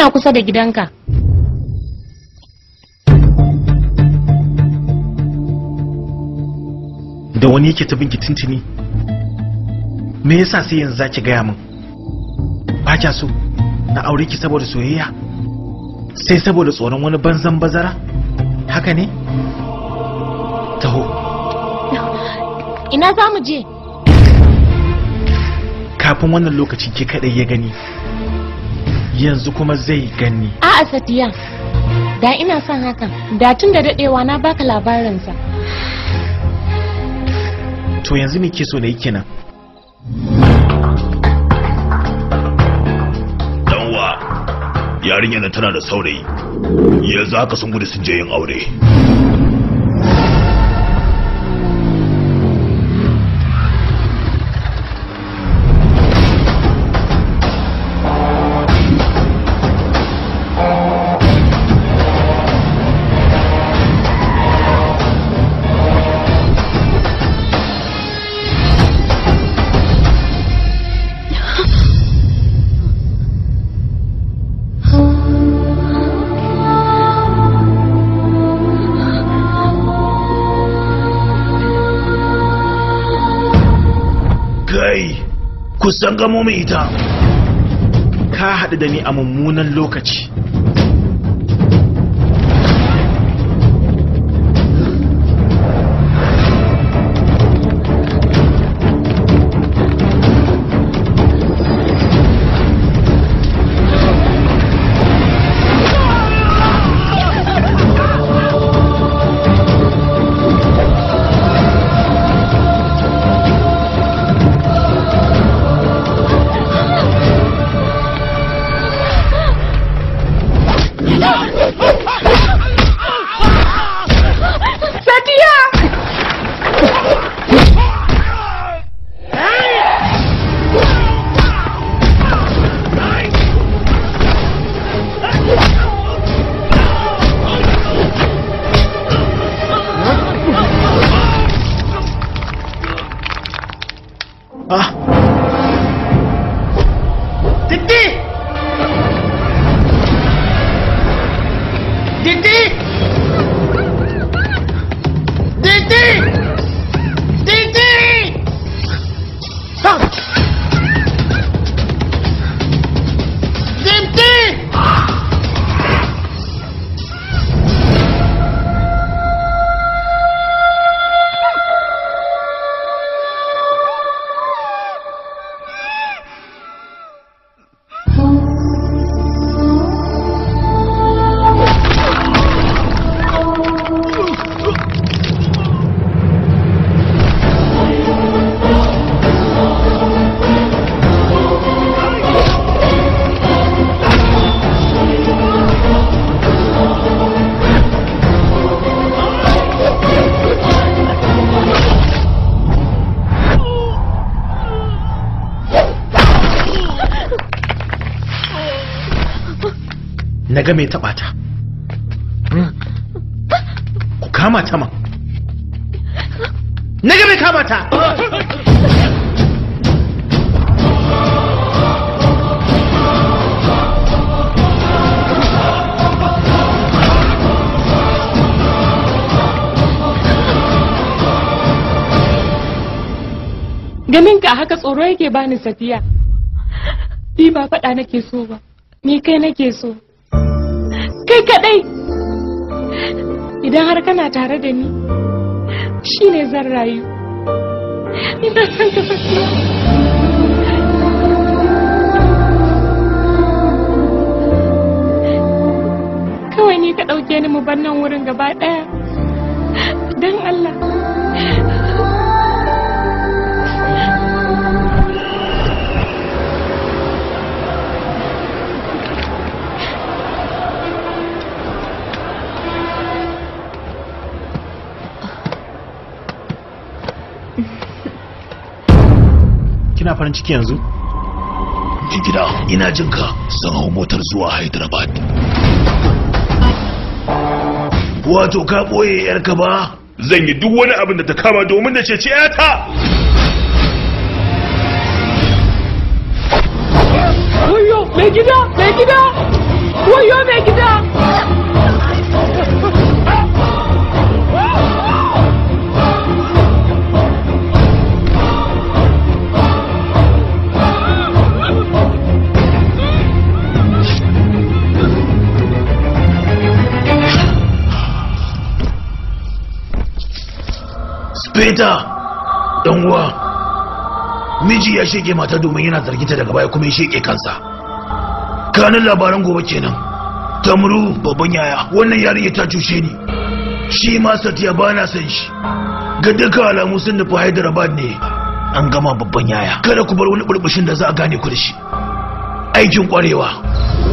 yana kusa da gidanka da wani yake ta binki me yasa sai yanzu zaki gaya min ba so na aure ki saboda soyayya sai saboda tsoron wani banzan bazara haka ne taho ina za mu je kafin wannan lokaci ke kaɗai ya gani yanzu kuma zai gani a'a satiya da ina son haka da tun da dadewa na baka labarinsa to yanzu me ke so na yi kenan danwa yarinyar tana da saurayi yanzu haka sun gudu sun je yin aure kusan gamo mai ita ka haɗu da ni a mummunan lokaci あ出て出て na ga mai taɓa ta ku kama ta ma na ga mai kama ta ganin ka haka tsoro yake bani safiya ni ba faɗa nake so ba ni kai nake so kai kadai idan har kana tare da ni shine zan rayu ina ka kawai ne ka ɗauke ni mu nan wurin gaba ɗaya don Allah ina farin ciki yanzu gida ina jin ka san hau motar zuwa Hyderabad wato ka ɓoye yarka ba zan yi duk wani abin da ta kama domin da ce ce feta dan uwa miji ya sheke mata domin yana zargita daga baya kuma ya sheke kansa kanin labaran gobe kenan tamuru babban yaya wannan ya ta cuce ni shi ma satiya ba na san shi ga duka alamu sun nufi hyderabad ne an gama babban yaya kada ku bar wani burbushin da za a gane ku da shi aikin kwarewa